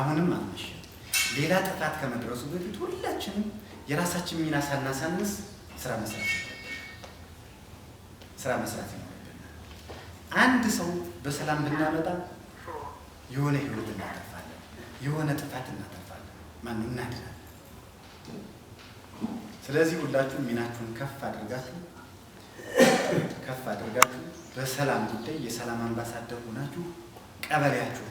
አሁንም አንሽ ሌላ ጥፋት ከመድረሱ በፊት ሁላችንም የራሳችን ሚና ሳናሳንስ ስራ መስራት ስራ መስራት ይኖርብናል። አንድ ሰው በሰላም ብናመጣ የሆነ ህይወት እናጠፋለን፣ የሆነ ጥፋት እናጠፋለን፣ ማን እናድናል። ስለዚህ ሁላችሁም ሚናችሁን ከፍ አድርጋችሁ ከፍ አድርጋችሁ በሰላም ጉዳይ የሰላም አምባሳደር ሆናችሁ ቀበሌያችሁ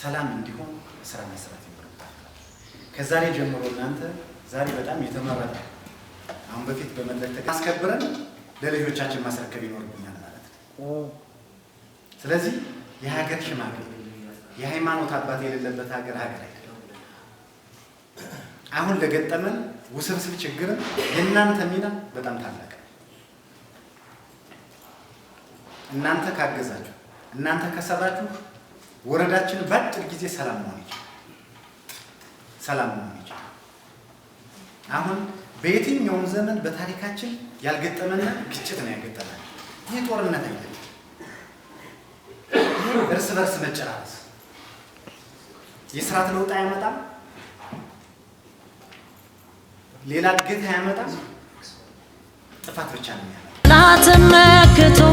ሰላም እንዲሆን ስራ መስራት ይኖርባቸዋል። ከዛሬ ጀምሮ እናንተ ዛሬ በጣም የተመረጠ አሁን በፊት በመለክ አስከብረን ለልጆቻችን ማስረከብ ይኖርብኛል ማለት ነው። ስለዚህ የሀገር ሽማግሌ የሃይማኖት አባት የሌለበት ሀገር ሀገር አይደለም። አሁን ለገጠመን ውስብስብ ችግርም የእናንተ ሚና በጣም ታላቅ እናንተ ካገዛችሁ፣ እናንተ ከሰራችሁ ወረዳችን በአጭር ጊዜ ሰላም መሆን ይችላል። ሰላም መሆን ይችላል። አሁን በየትኛውም ዘመን በታሪካችን ያልገጠመና ግጭት ነው ያገጠመን። ይህ ጦርነት አይደለም። እርስ በርስ መጨራረስ የስርዓት ለውጥ አያመጣም። ሌላ እድገት አያመጣም። ጥፋት ብቻ ነው ያመጣ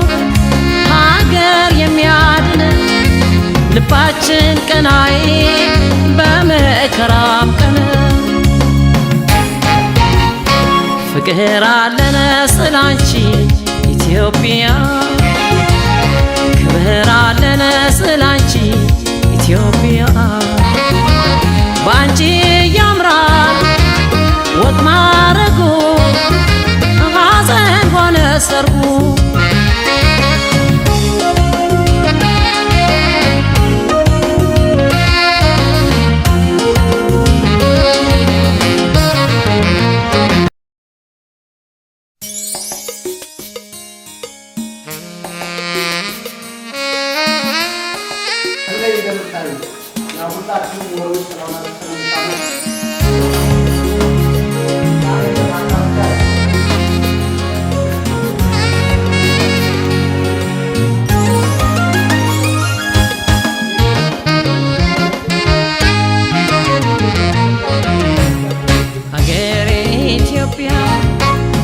ፈተናዬ በመከራም ቀን ፍቅር አለን ስላንቺ ኢትዮጵያ ክብር አለን ስላንቺ ኢትዮጵያ ባንቺ ያምራል ወግ ማረጉ ሐዘን ሆነ ሰርጉ stati in loro sono una ኢትዮጵያ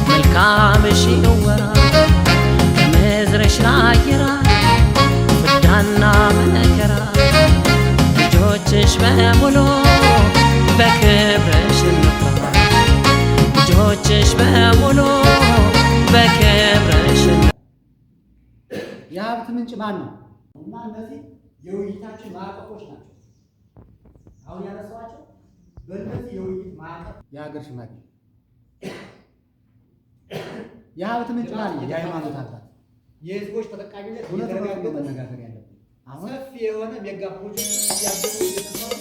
መልካምሽ ይወራ ከመዝረሽ ላይ ይራ በሙሉ በክብርሽ እንባል ልጆችሽ በሙሉ በክብርሽ የሀብት ምንጭ ማን ነው? እና እነዚህ የውይይታችን ማዕቀፎች ናቸው። አሁን ያነሳኋቸው በእነዚህ የውይይት ማዕቀፍ የሀገር ሽማግሌ የሀብት ምንጭ ማን ነው? የሃይማኖት አባት የህዝቦች ተጠቃሚነት እየተረጋገጠ መነጋገር ያለብን ሰፊ የሆነ ሜጋ ፕሮጀክት